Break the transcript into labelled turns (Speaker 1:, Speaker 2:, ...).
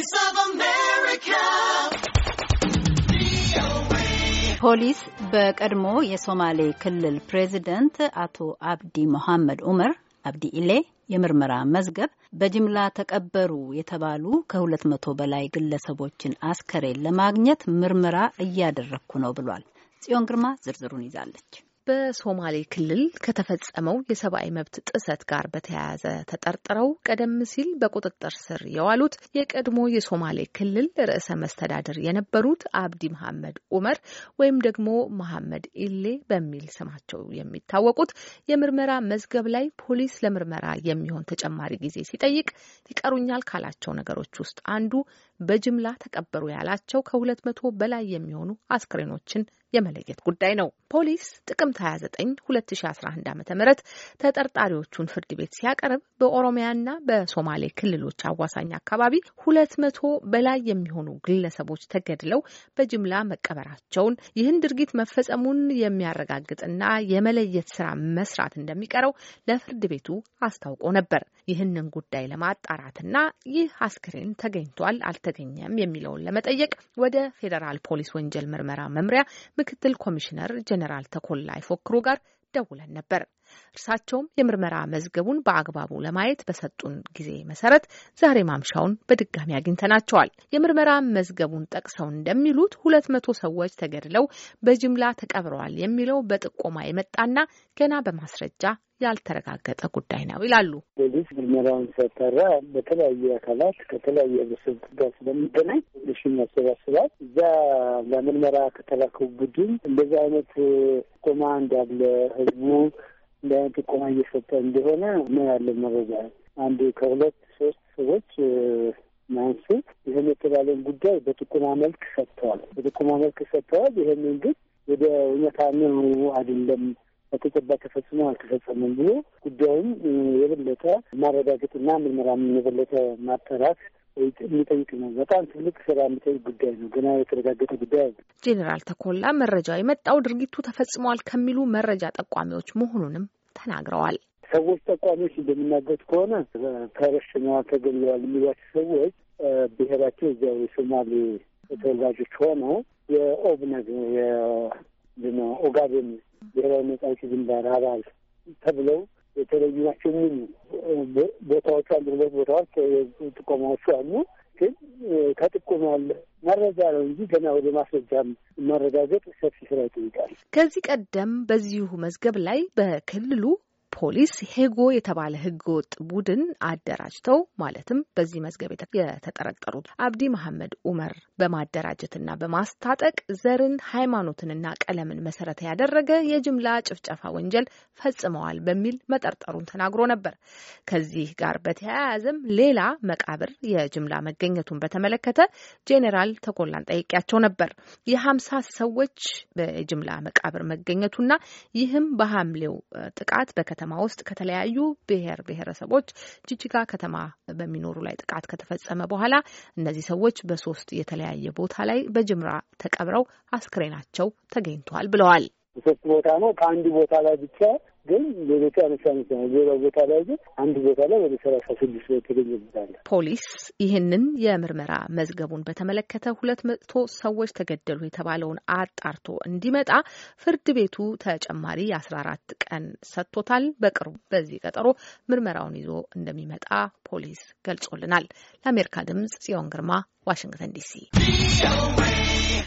Speaker 1: Voice of America. ፖሊስ በቀድሞ የሶማሌ ክልል ፕሬዚደንት አቶ አብዲ ሞሐመድ ኡመር አብዲ ኢሌ የምርመራ መዝገብ በጅምላ ተቀበሩ የተባሉ ከሁለት መቶ በላይ ግለሰቦችን አስከሬን ለማግኘት ምርመራ እያደረግኩ ነው ብሏል። ጽዮን ግርማ ዝርዝሩን ይዛለች። በሶማሌ ክልል ከተፈጸመው የሰብአዊ መብት ጥሰት ጋር በተያያዘ ተጠርጥረው ቀደም ሲል በቁጥጥር ስር የዋሉት የቀድሞ የሶማሌ ክልል ርዕሰ መስተዳድር የነበሩት አብዲ መሐመድ ኡመር ወይም ደግሞ መሐመድ ኢሌ በሚል ስማቸው የሚታወቁት የምርመራ መዝገብ ላይ ፖሊስ ለምርመራ የሚሆን ተጨማሪ ጊዜ ሲጠይቅ ይቀሩኛል ካላቸው ነገሮች ውስጥ አንዱ በጅምላ ተቀበሩ ያላቸው ከሁለት መቶ በላይ የሚሆኑ አስክሬኖችን የመለየት ጉዳይ ነው። ፖሊስ ጥቅምት 29 2011 ዓ ም ተጠርጣሪዎቹን ፍርድ ቤት ሲያቀርብ በኦሮሚያና በሶማሌ ክልሎች አዋሳኝ አካባቢ ሁለት መቶ በላይ የሚሆኑ ግለሰቦች ተገድለው በጅምላ መቀበራቸውን ይህን ድርጊት መፈጸሙን የሚያረጋግጥና የመለየት ስራ መስራት እንደሚቀረው ለፍርድ ቤቱ አስታውቆ ነበር። ይህንን ጉዳይ ለማጣራትና ይህ አስክሬን ተገኝቷል አልተገኘም የሚለውን ለመጠየቅ ወደ ፌዴራል ፖሊስ ወንጀል ምርመራ መምሪያ ምክትል ኮሚሽነር ጀኔራል ተኮላ ይፎክሩ ጋር ደውለን ነበር። እርሳቸውም የምርመራ መዝገቡን በአግባቡ ለማየት በሰጡን ጊዜ መሰረት ዛሬ ማምሻውን በድጋሚ አግኝተናቸዋል። የምርመራ መዝገቡን ጠቅሰው እንደሚሉት ሁለት መቶ ሰዎች ተገድለው በጅምላ ተቀብረዋል የሚለው በጥቆማ የመጣና ገና በማስረጃ ያልተረጋገጠ ጉዳይ ነው ይላሉ።
Speaker 2: ፖሊስ ምርመራውን ሰጠራ በተለያዩ አካላት ከተለያዩ ህብረተሰብ ጋር ስለሚገናኝ ሽን ያሰባስባል። እዛ ለምርመራ ከተላከው ቡድን እንደዚህ አይነት ጥቆማ እንዳለ ህዝቡ እንደ አይነት ጥቆማ እየሰጠ እንደሆነ ምን ያለ መረጃ። አንድ ከሁለት ሶስት ሰዎች ማንሱ ይህን የተባለን ጉዳይ በጥቁማ መልክ ሰጥተዋል። በጥቁማ መልክ ሰጥተዋል። ይህንን ግን ወደ እውነታ ነው አይደለም በተጨባጭ ተፈጽሞ አልተፈጸመም ብሎ ጉዳዩም የበለጠ ማረጋገጥና ምርመራም የበለጠ ማጠራት የሚጠይቅ ነው። በጣም ትልቅ ስራ የሚጠይቅ ጉዳይ ነው። ገና የተረጋገጠ ጉዳይ አለ።
Speaker 1: ጄኔራል ተኮላ መረጃ የመጣው ድርጊቱ ተፈጽሟል ከሚሉ መረጃ ጠቋሚዎች መሆኑንም ተናግረዋል።
Speaker 2: ሰዎች ጠቋሚዎች እንደሚናገሩት ከሆነ ተረሽነዋል፣ ተገለዋል የሚሏቸው ሰዎች ብሔራቸው እዚያው የሶማሌ ተወላጆች ሆነው የኦብነግ ኦጋዴን ብሔራዊ ነጻ አውጪ ግንባር አባል ተብለው የተለዩ ናቸው የሚሉ ቦታዎች አሉ። ሁለት ቦታዎች ጥቆማዎቹ አሉ። ግን ከጥቁም ያለ መረጃ ነው እንጂ ገና ወደ ማስረጃም ማረጋገጥ
Speaker 1: ሰፊ ስራ ይጠይቃል። ከዚህ ቀደም በዚሁ መዝገብ ላይ በክልሉ ፖሊስ ሄጎ የተባለ ህገወጥ ቡድን አደራጅተው ማለትም በዚህ መዝገብ የተጠረጠሩት አብዲ መሐመድ ኡመር በማደራጀትና በማስታጠቅ ዘርን፣ ሃይማኖትንና ቀለምን መሰረት ያደረገ የጅምላ ጭፍጨፋ ወንጀል ፈጽመዋል በሚል መጠርጠሩን ተናግሮ ነበር። ከዚህ ጋር በተያያዘም ሌላ መቃብር የጅምላ መገኘቱን በተመለከተ ጄኔራል ተኮላን ጠይቄያቸው ነበር። የሀምሳ ሰዎች በጅምላ መቃብር መገኘቱና ይህም በሐምሌው ጥቃት በከ ከተማ ውስጥ ከተለያዩ ብሔር ብሔረሰቦች ጅጅጋ ከተማ በሚኖሩ ላይ ጥቃት ከተፈጸመ በኋላ እነዚህ ሰዎች በሶስት የተለያየ ቦታ ላይ በጅምራ ተቀብረው አስክሬናቸው ተገኝቷል ብለዋል።
Speaker 2: ሶስት ቦታ ነው። ከአንድ ቦታ ላይ ብቻ ግን በቤተ አነሳነት ነው። ሌላ ቦታ ላይ ግን አንድ ቦታ ላይ ወደ ሰላሳ ስድስት ነው የተገኘበታለ።
Speaker 1: ፖሊስ ይህንን የምርመራ መዝገቡን በተመለከተ ሁለት መቶ ሰዎች ተገደሉ የተባለውን አጣርቶ እንዲመጣ ፍርድ ቤቱ ተጨማሪ የአስራ አራት ቀን ሰጥቶታል። በቅርቡ በዚህ ቀጠሮ ምርመራውን ይዞ እንደሚመጣ ፖሊስ ገልጾልናል። ለአሜሪካ ድምጽ ጽዮን ግርማ ዋሽንግተን ዲሲ